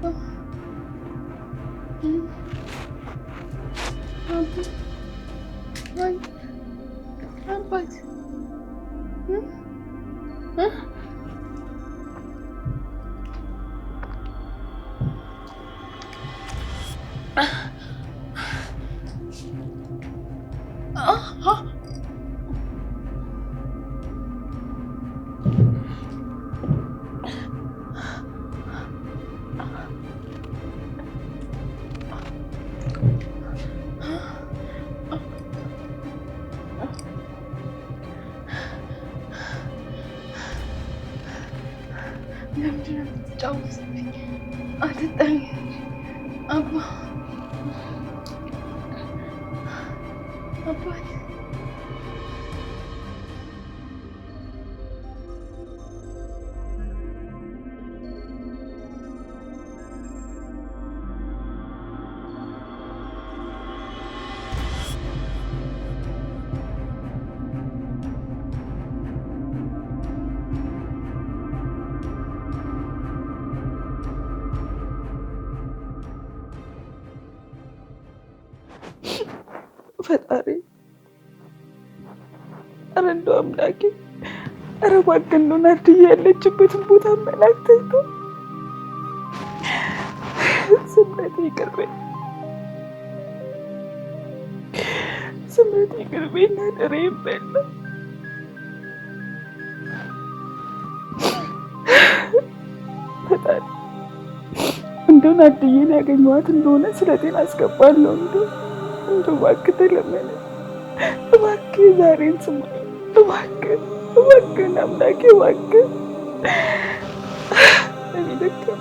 爸爸，嗯，爸爸，我。Apa Apa? Apa ማገል ነው። ናርድዬ ያለችበትን ቦታ መላክ ታይቶ ስምረት ይቅርበኝ፣ ስምረት ይቅርበኝ። ናደረ ይበለ ፈጣሪ እንደው ናርድዬን ያገኘኋት እንደሆነ ስለጤና አስገባለሁ። እንደው እንደው እባክህ ተለመነ፣ እባክህ ዛሬን ስማ፣ እባክህ Wakil, nak wakil, waka Dan dekat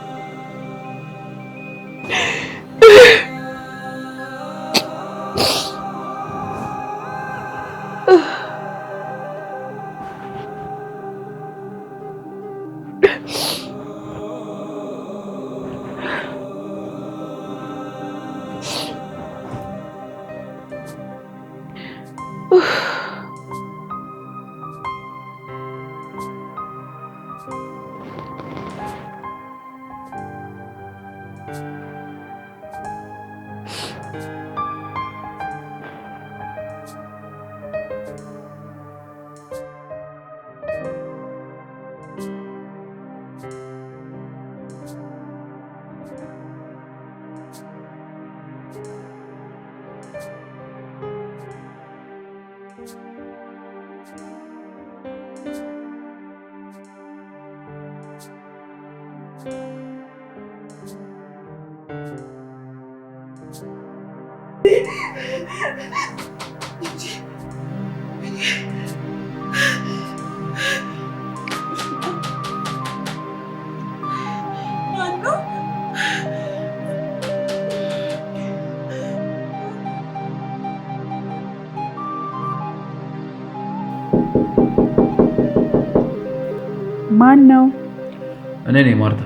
እኔ ነኝ ማርታ።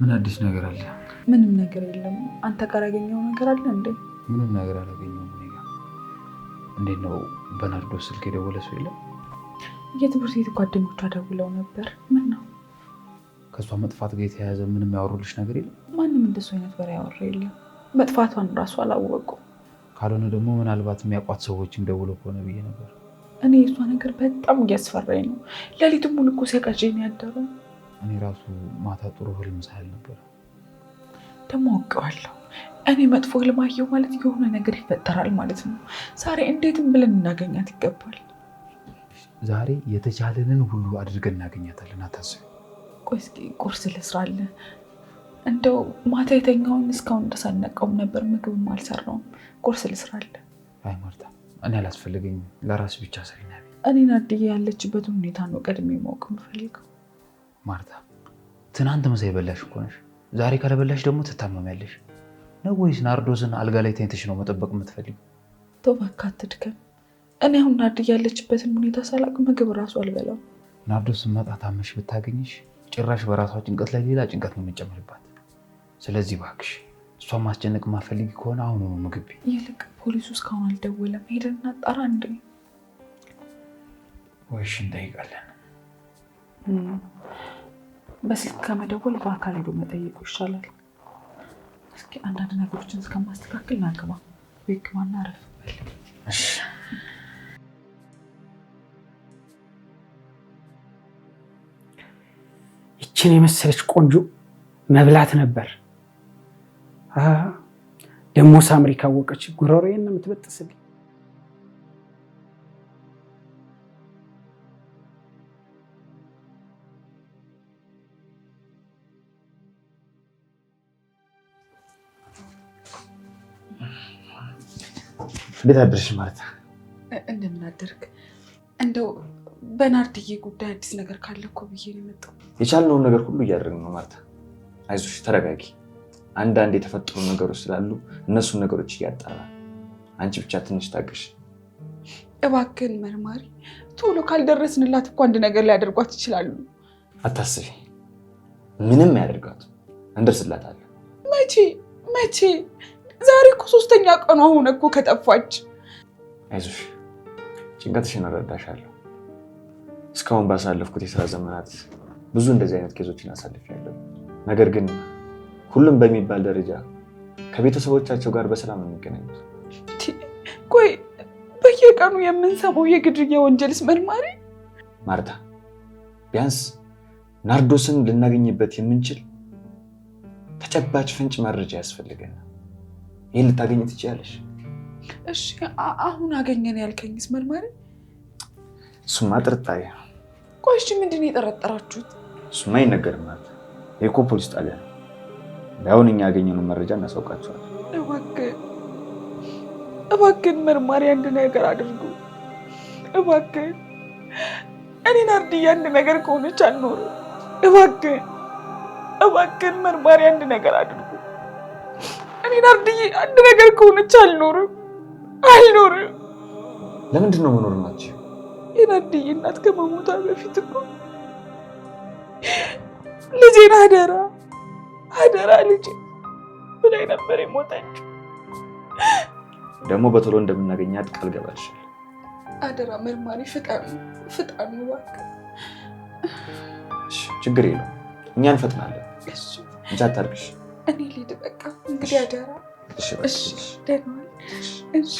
ምን አዲስ ነገር አለ? ምንም ነገር የለም። አንተ ጋር ያገኘው ነገር አለ እንዴ? ምንም ነገር አላገኘሁም። እንዴት ነው በናርዶስ ስልክ የደወለ ሰው የለም? የትምህርት ቤት ጓደኞቿ ደውለው ነበር። ምን ነው ከእሷ መጥፋት ጋር የተያያዘ ምንም ያወሩልሽ ነገር የለም? ማንም እንደሱ አይነት ወሬ ያወራ የለም። መጥፋቷን እራሱ አላወቁም። ካልሆነ ደግሞ ምናልባት የሚያውቋት ሰዎችም ደውሎ ከሆነ ብዬ ነበር። እኔ የእሷ ነገር በጣም እያስፈራኝ ነው። ሌሊቱን ሙሉ እኮ ነው ያደረው። እኔ ራሱ ማታ ጥሩ ህልም ሳል ነበር። ደግሞ አውቀዋለሁ። እኔ መጥፎ ህልም አየሁ ማለት የሆነ ነገር ይፈጠራል ማለት ነው። ዛሬ እንዴትም ብለን እናገኛት ይገባል። ዛሬ የተቻለንን ሁሉ አድርገን እናገኛታለን። አታስቢ። ቆይ እስኪ ቁርስ ልስራለን፣ እንደው ማታ የተኛውን እስካሁን እንደሳነቀውም ነበር። ምግብም አልሰራውም። ቁርስ ልስራለ። አይ ማርታ፣ እኔ አላስፈልገኝም። ለራስ ብቻ ስሪ። እኔ አድዬ ያለችበትን ሁኔታ ነው ቀድሜ ማወቅ የምፈልገው። ማርታ፣ ትናንት ምሳ የበላሽ እኮ ነሽ። ዛሬ ካለበላሽ ደግሞ ትታመሚያለሽ። ነው ወይስ ናርዶስን አልጋ ላይ ተኝተሽ ነው መጠበቅ የምትፈልግ? ተው እባክህ አትድከም። እኔ አሁን ናርድዬ ያለችበትን ሁኔታ ሳላቅ ምግብ እራሱ አልበላም። ናርዶስ መጣ ታመሽ ብታገኝሽ ጭራሽ በራሷ ጭንቀት ላይ ሌላ ጭንቀት ነው የምንጨምርባት ስለዚህ እባክሽ እሷን ማስጨነቅ ማፈልግ ከሆነ አሁኑ ምግብ ይልቅ ፖሊሱ እስካሁን አልደወለም። ሄደን እናጣራ እንደ ወይሽ እንጠይቃለን። በስልክ ከመደወል በአካል ሄዶ መጠየቁ ይሻላል። እስኪ አንዳንድ ነገሮችን እስከማስተካከል ናግባ ቤክ ረፍበል ይችን የመሰለች ቆንጆ መብላት ነበር ደግሞ ሳምሪ ካወቀች ጉሮሮዬን ነው የምትበጥስልኝ። እንዴት አደርሽ ማርታ? እንደምን አደርክ? እንደው በናርድዬ ጉዳይ አዲስ ነገር ካለ እኮ ብዬ ነው የመጣው። የቻልነውን ነገር ሁሉ እያደረግን ነው ማርታ። አይዞሽ ተረጋጊ። አንዳንድ የተፈጠሩ ነገሮች ስላሉ እነሱን ነገሮች እያጣራ አንቺ ብቻ ትንሽ ታገሽ እባክህን። መርማሪ ቶሎ ካልደረስንላት እኮ አንድ ነገር ሊያደርጓት ይችላሉ። አታስቢ፣ ምንም ያደርጋት እንደርስላታለን። መቼ መቼ? ዛሬ እኮ ሶስተኛ ቀኗ ሆነ እኮ ከጠፋች። አይዞሽ፣ ጭንቀትሽን እረዳሻለሁ። እስካሁን ባሳለፍኩት የስራ ዘመናት ብዙ እንደዚህ አይነት ኬዞችን አሳልፌያለሁ። ነገር ግን ሁሉም በሚባል ደረጃ ከቤተሰቦቻቸው ጋር በሰላም ነው የሚገናኙት። ቆይ በየቀኑ የምንሰማው የግድያ ወንጀልስ መርማሪ ማርታ፣ ቢያንስ ናርዶስን ልናገኝበት የምንችል ተጨባጭ ፍንጭ መረጃ ያስፈልገናል። ይህን ልታገኝ ትችያለሽ። እሺ አሁን አገኘን ያልከኝስ መርማሪ? እሱማ ጥርጣሬ ነው። ቆይ ምንድን ነው የጠረጠራችሁት? እሱማ አይነገርም ማለት የኮ ፖሊስ ጣቢያ ነው አሁን እኛ ያገኘነው መረጃ እናሳውቃቸዋል። እባክን መርማሪ አንድ ነገር አድርጉ እባክን። እኔን አርድዬ አንድ ነገር ከሆነች አልኖርም። እባክን እባክን መርማሪ አንድ ነገር አድርጉ። እኔን አርድዬ አንድ ነገር ከሆነች አልኖርም አልኖርም። ለምንድን ነው መኖር ናቸው የናርድዬ እናት ከመሞታ በፊት እኮ ልጄን አደራ አደራ ልጅ ብላይ ነበር የሞተችው። ደግሞ በቶሎ እንደምናገኛት ቃል ገባልሻል። አደራ መርማሪ ፍጣን ፍጣኑ እባክህ። ችግር የለውም እኛ እንፈጥናለን። እንጂ አታርቅሽ። እኔ ልሂድ በቃ እንግዲህ አደራ። እሺ እሺ።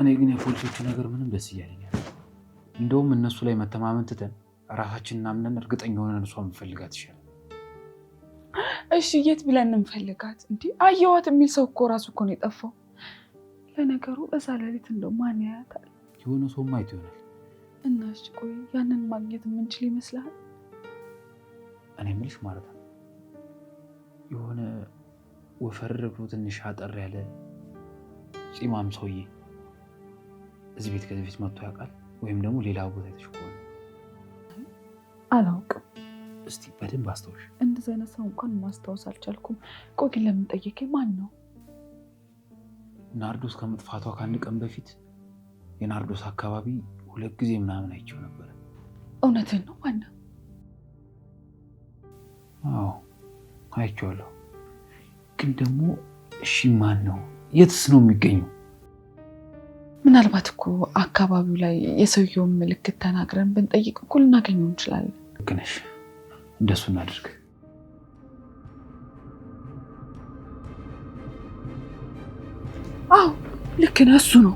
እኔ ግን የፖሊሶቹ ነገር ምንም ደስ እያለኛል። እንደውም እነሱ ላይ መተማመን ትተን ራሳችን አምነን እርግጠኛ ሆነን እሷ እንፈልጋት ይሻላል። እሺ የት ብለን እንፈልጋት? እንዲ አየዋት የሚል ሰው እኮ ራሱ እኮ ነው የጠፋው። ለነገሩ በዛ ሌሊት እንደው ማን ያያታል? የሆነ ሰው ማየት ይሆናል። እና እሺ ቆይ ያንን ማግኘት የምንችል ይመስላል? እኔ የምልሽ ማለት ነው የሆነ ወፈር ብሎ ትንሽ አጠር ያለ ጺማም ሰውዬ እዚህ ቤት ከዚህ በፊት መጥቶ ያውቃል? ወይም ደግሞ ሌላ ቦታ የተሽ ከሆነ አላውቅም። እስቲ በደንብ አስታውሽ። እንደዚህ አይነት ሰው እንኳን ማስታወስ አልቻልኩም። ቆይ ግን ለምን ማን ነው? ናርዶስ ከመጥፋቷ ከአንድ ቀን በፊት የናርዶስ አካባቢ ሁለት ጊዜ ምናምን አይቼው ነበረ። እውነትን ነው? ዋና? ነው? አዎ አይቼዋለሁ። ግን ደግሞ እሺ ማን ነው? የትስ ነው የሚገኘው? ምናልባት እኮ አካባቢው ላይ የሰውየውን ምልክት ተናግረን ብንጠይቅ እኮ ልናገኘው እንችላለን። ልክ ነሽ። እንደሱ እናድርግ። አዎ ልክ ነህ። እሱ ነው።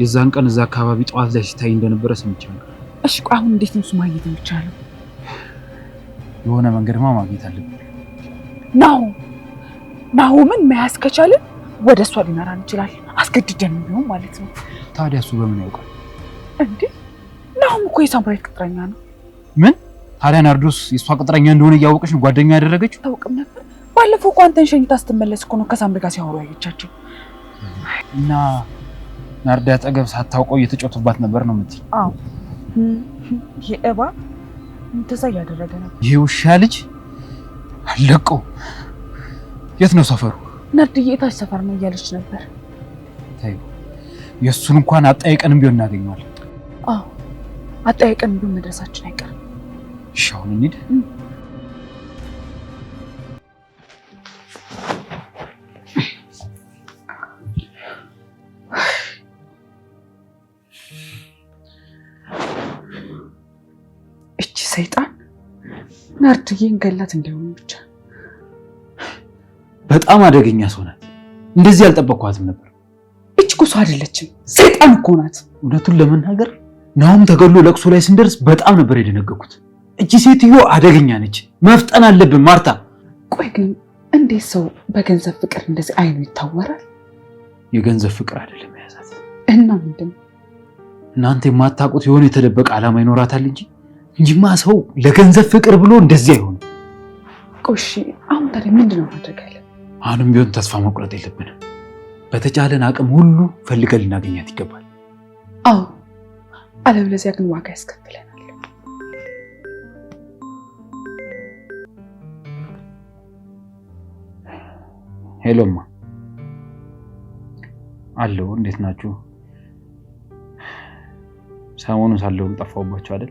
የዛን ቀን እዛ አካባቢ ጠዋት ላይ ሲታይ እንደነበረ ሰምቻለሁ። እሺ ቆይ አሁን እንዴት ነው እሱ ማግኘት የሚቻለው? የሆነ መንገድማ ማግኘት አለብን። ናሁ ናሁምን መያዝ ከቻለን ወደ እሷ ሊመራን ይችላል፣ አስገድደን ቢሆን ማለት ነው። ታዲያ እሱ በምን ያውቃል እንዴ? ናሁም እኮ የሳምራዊት ቅጥረኛ ነው። ምን ታዲያ ናርዶስ የእሷ ቅጥረኛ እንደሆነ እያወቀች ነው ጓደኛ ያደረገችው? ታውቅም ነበር። ባለፈው እኮ አንተን ሸኝታ ስትመለስ እኮ ነው ከሳምሪ ጋር ሲያወሩ ያየቻቸው። እና ናርዳ አጠገብ ሳታውቀው እየተጫወቱባት ነበር ነው የምትይኝ? አዎ የእባ ምትሳ እያደረገ ነበር። ይሄ ውሻ ልጅ አለቀው። የት ነው ሰፈሩ? ነርድዬ ታች ሰፈር ነው እያለች ነበር። የእሱን እንኳን አጠያይቀንም ቢሆን እናገኘዋለን። አዎ አጠያይቀንም ቢሆን መድረሳችን አይቀርም። እሺ አሁን እንሂድ። ሰይጣን ናርድዬን ገላት እንደሆነ ብቻ በጣም አደገኛ ሰው ናት። እንደዚህ ያልጠበኳትም ነበር። እች እኮ ሰው አይደለችም፣ ሰይጣን እኮ ናት። እውነቱን ለመናገር ናሁም ተገሎ ለቅሶ ላይ ስንደርስ በጣም ነበር የደነገኩት። እቺ ሴትዮ አደገኛ ነች፣ መፍጠን አለብን ማርታ። ቆይ ግን እንዴት ሰው በገንዘብ ፍቅር እንደዚህ አይኑ ይታወራል? የገንዘብ ፍቅር አይደለም የያዛት እና ምንድን እናንተ የማታውቁት የሆነ የተደበቀ ዓላማ ይኖራታል እንጂ እንጂማ ሰው ለገንዘብ ፍቅር ብሎ እንደዚህ አይሆንም። ቆሺ አሁን ታዲያ ምንድን ነው ማድረግ ያለ አሁንም ቢሆን ተስፋ መቁረጥ የለብንም። በተቻለን አቅም ሁሉ ፈልገን ልናገኛት ይገባል። አዎ፣ አለበለዚያ ግን ዋጋ ያስከፍለናል። ሄሎማ አለው። እንዴት ናችሁ? ሰሞኑን ሳለውን ጠፋውባቸው አይደል?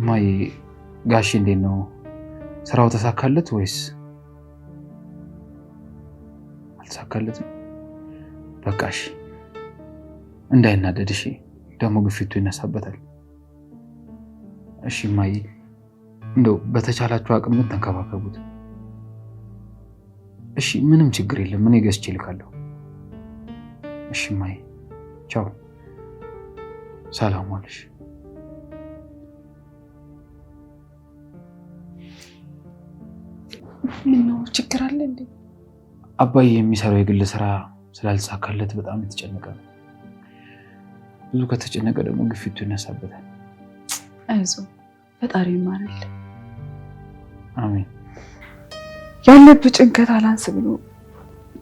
እማዬ ጋሽ እንዴት ነው? ስራው ተሳካለት ወይስ አልተሳካለትም። በቃሽ፣ እንዳይናደድ እሺ። ደግሞ ግፊቱ ይነሳበታል። እሺ እማዬ፣ እንደው በተቻላችሁ አቅም ግን ተንከባከቡት። እሺ፣ ምንም ችግር የለም። እኔ ገዝቼ እልካለሁ። እሺ እማዬ፣ ቻው፣ ሰላም ዋልሽ። ምነው ችግር አለ እንዴ? አባዬ የሚሰራው የግል ስራ ስላልተሳካለት በጣም የተጨነቀ ነው። ብዙ ከተጨነቀ ደግሞ ግፊቱ ይነሳበታል። አይዞህ፣ ፈጣሪ ይማራል። አሜን። ያለብ ጭንቀት አላንስ ብሎ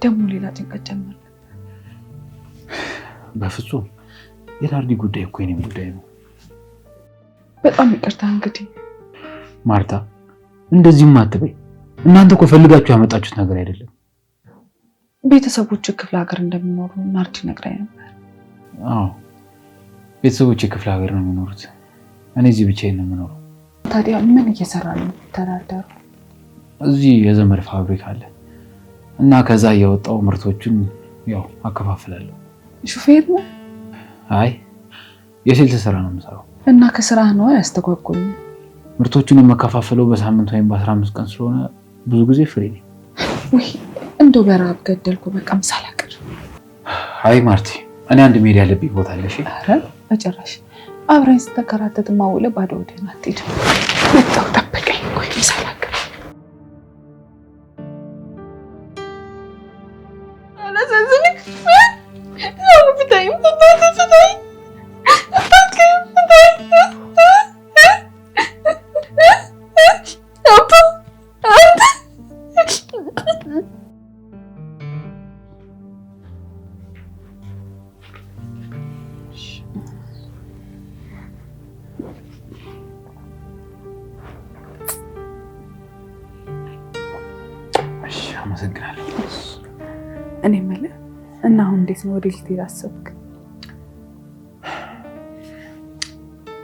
ደግሞ ሌላ ጭንቀት ጀመር። በፍጹም የናርዲ ጉዳይ እኮ የኔም ጉዳይ ነው። በጣም ይቅርታ። እንግዲህ ማርታ፣ እንደዚህም አትበይ። እናንተ እኮ ፈልጋችሁ ያመጣችሁት ነገር አይደለም ቤተሰቦች ክፍለ ሀገር እንደሚኖሩ ናርዲ ነግራኝ ነበር። አዎ ቤተሰቦች ክፍለ ሀገር ነው የሚኖሩት። እኔ እዚህ ብቻዬን ነው የምኖረው። ታዲያ ምን እየሰራ ነው የሚተዳደሩ? እዚህ የዘመድ ፋብሪካ አለ እና ከዛ እየወጣው ምርቶቹን ያው አከፋፍላለሁ። ሹፌር ነው? አይ የሴልስ ስራ ነው የምሰራው። እና ከስራ ነው ያስተጓጉል። ምርቶቹን የመከፋፈለው በሳምንት ወይም በአስራ አምስት ቀን ስለሆነ ብዙ ጊዜ ፍሬ ነኝ። እንደው በረሀብ ገደልኩ። በቃ ምሳ ላቅር። አይ ማርቲ፣ እኔ አንድ ሜዳ ያለብኝ ቦታ አለሽ። ኧረ በጭራሽ አብረን ስተከራተት ማውለ ባዶ ወደን አትሄድ። መጣሁ ጠብቀኝ። ቆይ ምሳ ላቅር። አላሳዝንክ ሰው ብታይም ትናትስታይ ወደ ልትሄድ አሰብክ?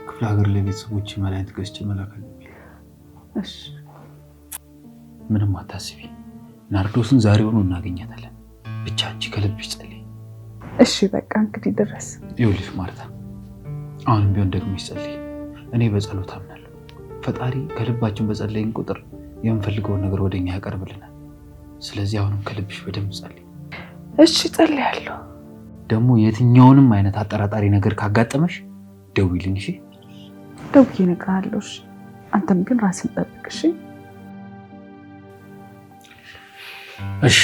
ክፍለ ሀገር ለቤተሰቦች መድኃኒት ገዝቼ መላክ አለብኝ። ምንም አታስቢ። ናርዶስን ዛሬውኑ እናገኛታለን። ብቻ አንቺ ከልብሽ ጸልይ። እሺ በቃ እንግዲህ ድረስ። ይኸውልሽ ማርታ፣ አሁንም ቢሆን ደግሞ ጸልይ። እኔ በጸሎት አምናለሁ። ፈጣሪ ከልባችን በጸለይን ቁጥር የምንፈልገውን ነገር ወደኛ ያቀርብልናል። ስለዚህ አሁንም ከልብሽ በደንብ ጸልይ። እሺ ጸልያለሁ። ደግሞ የትኛውንም አይነት አጠራጣሪ ነገር ካጋጠመሽ ደውይልኝ። እሺ፣ ደውዬ እነግርሃለሁ። እሺ፣ አንተም ግን ራስን ጠብቅ። እሺ፣ እሺ፣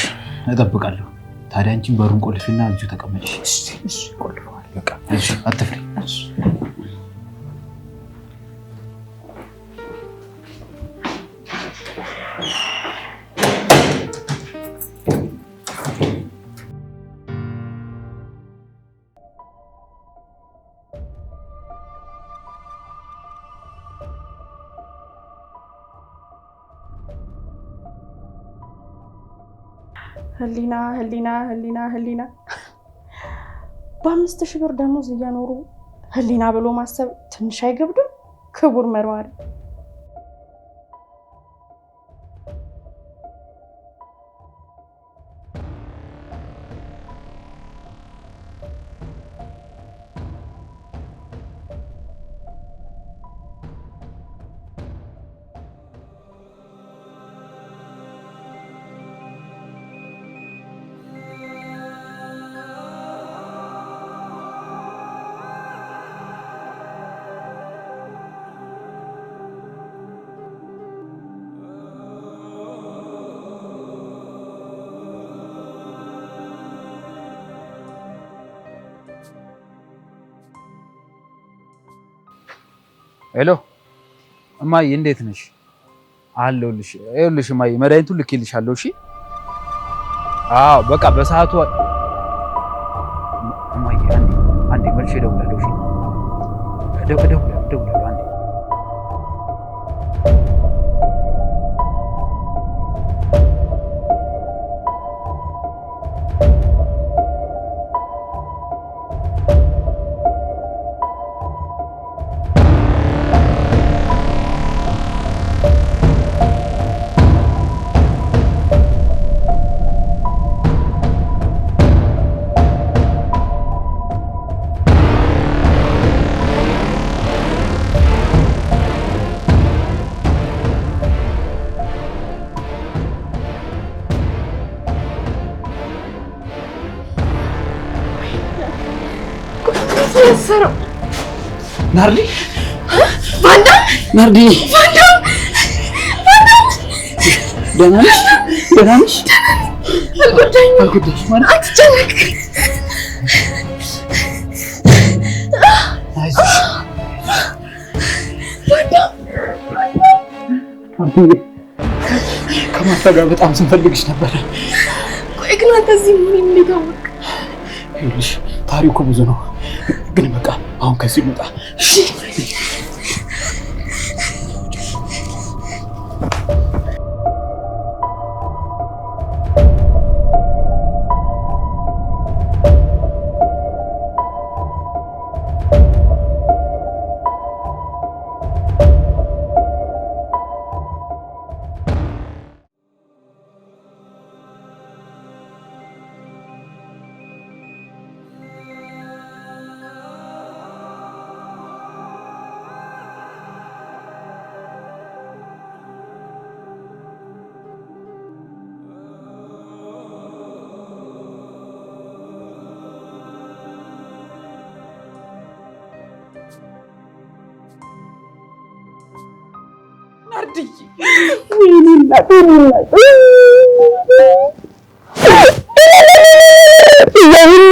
እጠብቃለሁ። ታዲያ አንቺን በሩን ቆልፊና እጁ ተቀመጭ። እሺ፣ ቆልፈዋል። በቃ እሺ፣ አትፍሪ። እሺ ህሊና ህሊና ህሊና ህሊና በአምስት ሺህ ብር ደሞዝ እያኖሩ ህሊና ብሎ ማሰብ ትንሽ አይገብድም? ክቡር መርማሪ ሄሎ እማዬ እንዴት ነሽ? አለሁልሽ። ይኸውልሽ እማዬ መድኃኒቱን ልኬልሻለሁ። እሺ አዎ፣ በቃ በሰዓቱ እማዬ። አንዴ አንዴ መልሼ እደውላለሁ። እሺ ናርዲ ቫንዳ ናርዲ ቫንዳ ቫንዳ ደህና ነሽ? ደህና ነሽ? አልጎዳኝም። አልጎዳሽ ማለት አትጨነቅ። ከማታ ጋር በጣም ስንፈልግሽ ነበረ። ቆይ ግን አንተ እዚህ ምን የሚገባክ? ታሪኩ ብዙ ነው ¿Qué acá, ¿Aunque sí me ውድዬ ወይኔ እናቴ እናቴ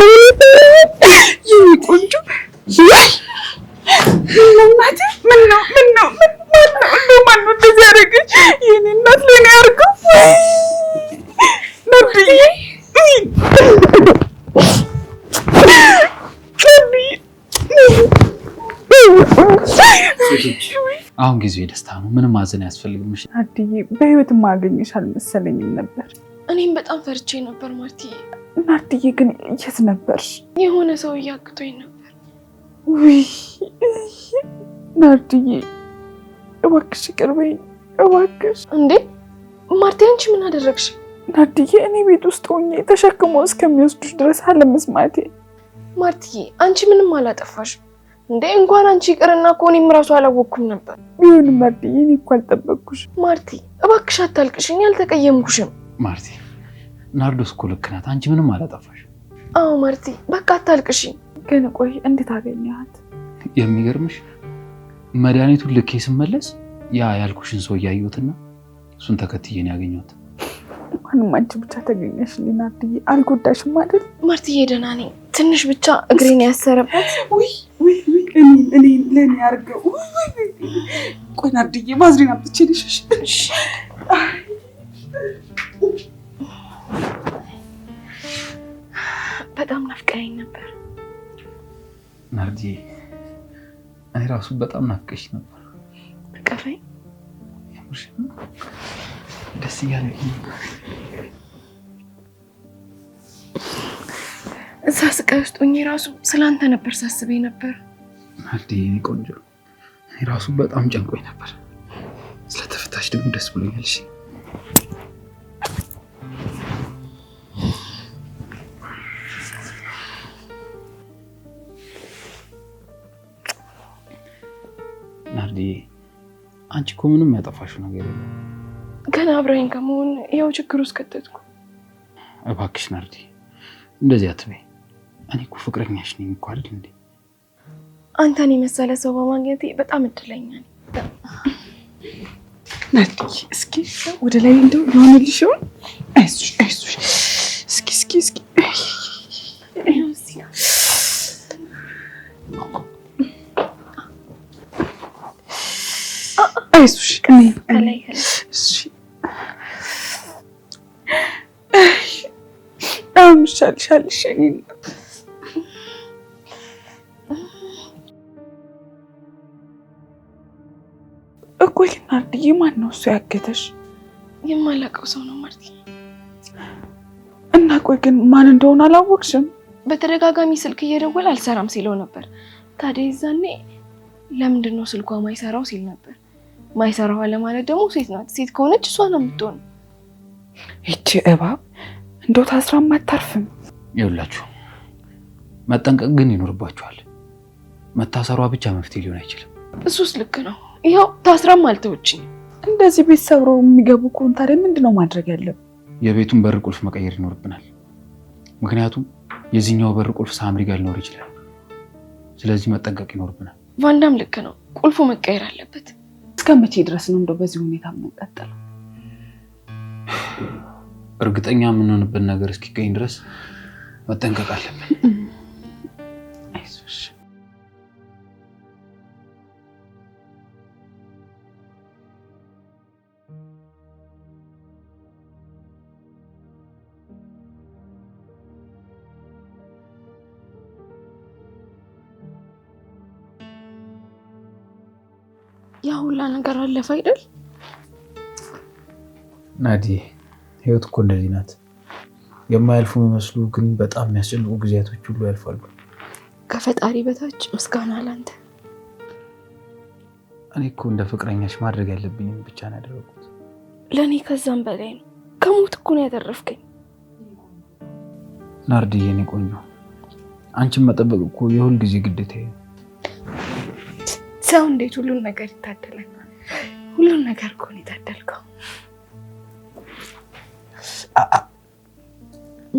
ደስታ ነው። ምንም ማዘን አያስፈልግም። እሺ አድዬ፣ በህይወት ማገኘሽ አልመሰለኝም ነበር። እኔም በጣም ፈርቼ ነበር ማርትዬ። ማርትዬ ግን የት ነበርሽ? የሆነ ሰው እያግቶኝ ነበር። ውይ ናርድዬ፣ እባክሽ ቅርበኝ፣ እባክሽ። እንዴ ማርቲ፣ አንቺ ምን አደረግሽ? ናርድዬ፣ እኔ ቤት ውስጥ ሆኜ ተሸክሞ እስከሚወስዱሽ ድረስ አለመስማቴ። ማርትዬ፣ አንቺ ምንም አላጠፋሽ እንዴ እንኳን አንቺ ይቅርና እኮ እኔም እራሱ አላወቅኩም ነበር። ቢሆንም ማርቲ እኔ እኮ አልጠበቅኩሽ። ማርቲ እባክሽ አታልቅሽ፣ አልተቀየምኩሽም። ማርቲ ናርዶስ እኮ ልክ ናት፣ አንቺ ምንም አላጠፋሽ። አዎ ማርቲ በቃ አታልቅሽ። ግን ቆይ እንዴት አገኘኋት? የሚገርምሽ መድኃኒቱን ልኬ ስመለስ ያ ያልኩሽን ሰው እያየሁትና እሱን ተከትዬ ነው ያገኘኋት። ማንም አንቺ ብቻ ተገኘሽ። ናርድዬ አልጎዳሽም አይደል? ማርትዬ ደህና ነኝ። ትንሽ ብቻ እግሬን ያሰረበት ለእኔ ያርገው። ቆይ ናርድዬ ማዝሬን አምጥቼ ልሽሽ። በጣም ናፍቀኸኝ ነበር ናርድዬ። እኔ ራሱ በጣም ናፍቀሽ ነበር። ቀፈኝ ደስ እያለ እዛ ስቃይ ውስጥ ሆኜ ራሱ ስላንተ ነበር ሳስቤ ነበር። ናርዲ ቆንጆ፣ ራሱ በጣም ጨንቆኝ ነበር። ስለተፈታሽ ደግሞ ደስ ብሎኛል። እሺ ናርዲ፣ አንቺ እኮ ምንም ያጠፋሽው ነገር የለም። ገና አብረኝ ከመሆን ያው ችግር ውስጥ ከተትኩ። እባክሽ ናርዲ፣ እንደዚህ አትበይ። እኔ እኮ ፍቅረኛሽ ነኝ እኮ አይደል እንዴ? አንተን የመሰለ ሰው በማግኘቴ በጣም እድለኛ ነኝ። ናልሽ እስኪ ወደ ላይ እንደው የሆነልሽ ይሆን? አይዞሽ አይዞሽ። እስኪ እስኪ እስኪ አይዞሽ እኔ እሺ አሁን ይሻልሻል። እኮይ ግን ናርድዬ፣ ማን ነው እሱ ያገተሽ? የማላውቀው ሰው ነው ማርቲ። እና ቆይ ግን ማን እንደሆነ አላወቅሽም? በተደጋጋሚ ስልክ እየደወለ አልሰራም ሲለው ነበር። ታዲያ ይዛኔ ለምንድን ነው ስልኳ ማይሰራው ሲል ነበር። ማይሰራው ለማለት ደግሞ ሴት ናት። ሴት ከሆነች እሷ ነው የምትሆን። ይቺ እባብ እንደው ታስራም አታርፍም። ይውላችሁ መጠንቀቅ ግን ይኖርባችኋል። መታሰሯ ብቻ መፍትሄ ሊሆን አይችልም። እሱስ ልክ ነው። ይኸው ታስራም አልተወችኝ። እንደዚህ ቤት ሰብረው የሚገቡ ከሆነ ታዲያ ምንድን ነው ማድረግ ያለብን? የቤቱን በር ቁልፍ መቀየር ይኖርብናል። ምክንያቱም የዚህኛው በር ቁልፍ ሳምሪ ጋር ሊኖር ይችላል። ስለዚህ መጠንቀቅ ይኖርብናል። ቫንዳም ልክ ነው፣ ቁልፉ መቀየር አለበት። እስከ መቼ ድረስ ነው እንደው በዚህ ሁኔታ የምንቀጥለው? እርግጠኛ የምንሆንበት ነገር እስኪገኝ ድረስ መጠንቀቅ አለብን። ነገር አለፈ አይደል? ናዲ፣ ህይወት እኮ እንደዚህ ናት። የማያልፉ የሚመስሉ ግን በጣም የሚያስጨንቁ ጊዜያቶች ሁሉ ያልፋሉ። ከፈጣሪ በታች ምስጋና ላንተ። እኔ እኮ እንደ ፍቅረኛሽ ማድረግ ያለብኝም ብቻ ነው ያደረጉት። ለእኔ ከዛም በላይ ነው። ከሞት እኮ ነው ያተረፍከኝ። ናርዲ፣ የኔ ቆንጆ፣ አንቺን መጠበቅ እኮ የሁል ጊዜ ግዴታ። ሰው እንዴት ሁሉን ነገር ይታደለናል? ሁሉን ነገር እኮ ነው የታደልከው።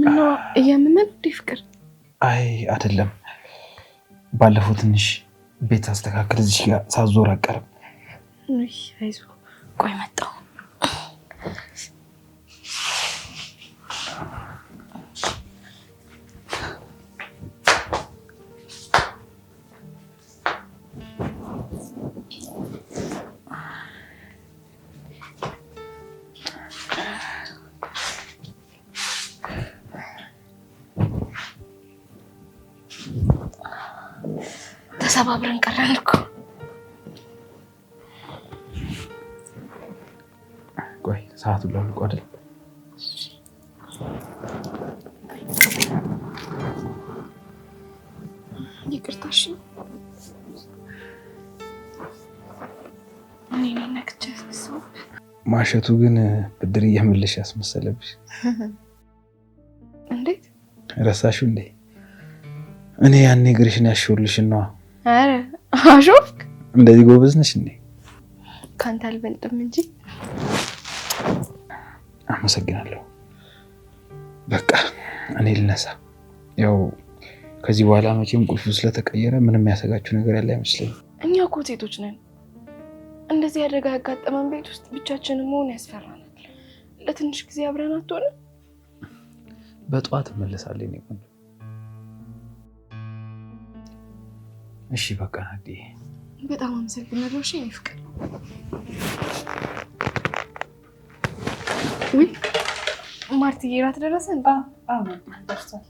ምነው እያመመን ፍቅር? አይ አይደለም፣ ባለፈው ትንሽ ቤት ሳስተካከል እዚህ ጋር ሳዞር አቀርም። ይዞ ቆይ መጣሁ። ቤተሰብ አብረን ቀረን እኮ። ቆይ ሰዓቱ ላልቆ አይደል? ይቅርታሽ ማሸቱ ግን ብድር እየመለሽ ያስመሰለብሽ። እንዴት ረሳሽው እንዴ? እኔ ያኔ እግርሽን ያሸሁልሽ ነዋ አሾፍክ? እንደዚህ ጎበዝ ነሽ እንዴ? ካንተ አልበልጥም እንጂ። አመሰግናለሁ። በቃ እኔ ልነሳ። ያው ከዚህ በኋላ መቼም ቁልፉ ስለተቀየረ ምንም ያሰጋችሁ ነገር ያለ አይመስለኝም። እኛ እኮ ሴቶች ነን። እንደዚህ አደጋ ያጋጠመን ቤት ውስጥ ብቻችንን መሆን ያስፈራናል። ለትንሽ ጊዜ አብረን አትሆንም? በጠዋት እመለሳለሁ። እሺ በቃ ናዲ፣ በጣም አመሰግናለሁ። እሺ አይፍቅር። ውይ ማርትዬ፣ እራት ደረሰ? ደርሷል።